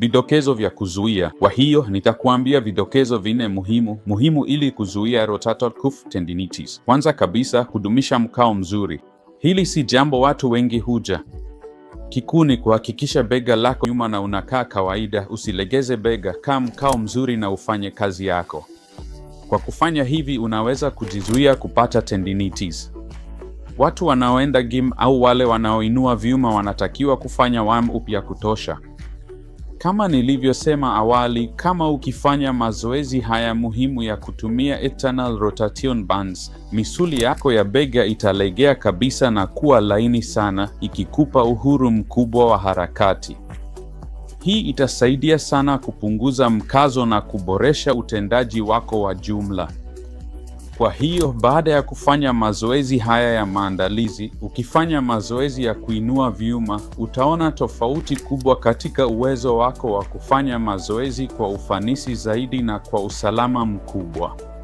Vidokezo vya kuzuia. Kwa hiyo nitakuambia vidokezo vinne muhimu muhimu ili kuzuia rotator cuff tendinitis. Kwanza kabisa, kudumisha mkao mzuri. Hili si jambo watu wengi huja kikuu ni kuhakikisha bega lako nyuma na unakaa kawaida. Usilegeze bega, kaa mkao mzuri na ufanye kazi yako. Kwa kufanya hivi, unaweza kujizuia kupata tendinitis. Watu wanaoenda gym au wale wanaoinua vyuma wanatakiwa kufanya warm up ya kutosha. Kama nilivyosema awali, kama ukifanya mazoezi haya muhimu ya kutumia eternal rotation bands, misuli yako ya bega italegea kabisa na kuwa laini sana, ikikupa uhuru mkubwa wa harakati. Hii itasaidia sana kupunguza mkazo na kuboresha utendaji wako wa jumla. Kwa hiyo baada ya kufanya mazoezi haya ya maandalizi, ukifanya mazoezi ya kuinua vyuma, utaona tofauti kubwa katika uwezo wako wa kufanya mazoezi kwa ufanisi zaidi na kwa usalama mkubwa.